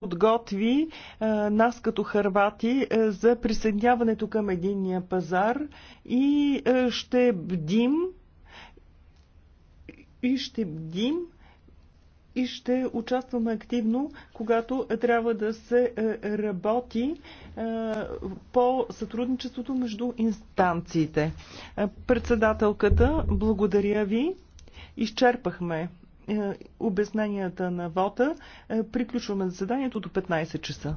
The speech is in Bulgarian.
подготви нас като харвати за присъединяването към единния пазар и ще бдим и ще бдим и ще участваме активно, когато трябва да се работи по сътрудничеството между инстанциите. Председателката, благодаря ви. Изчерпахме е, обясненията на вота. Е, приключваме заседанието до 15 часа.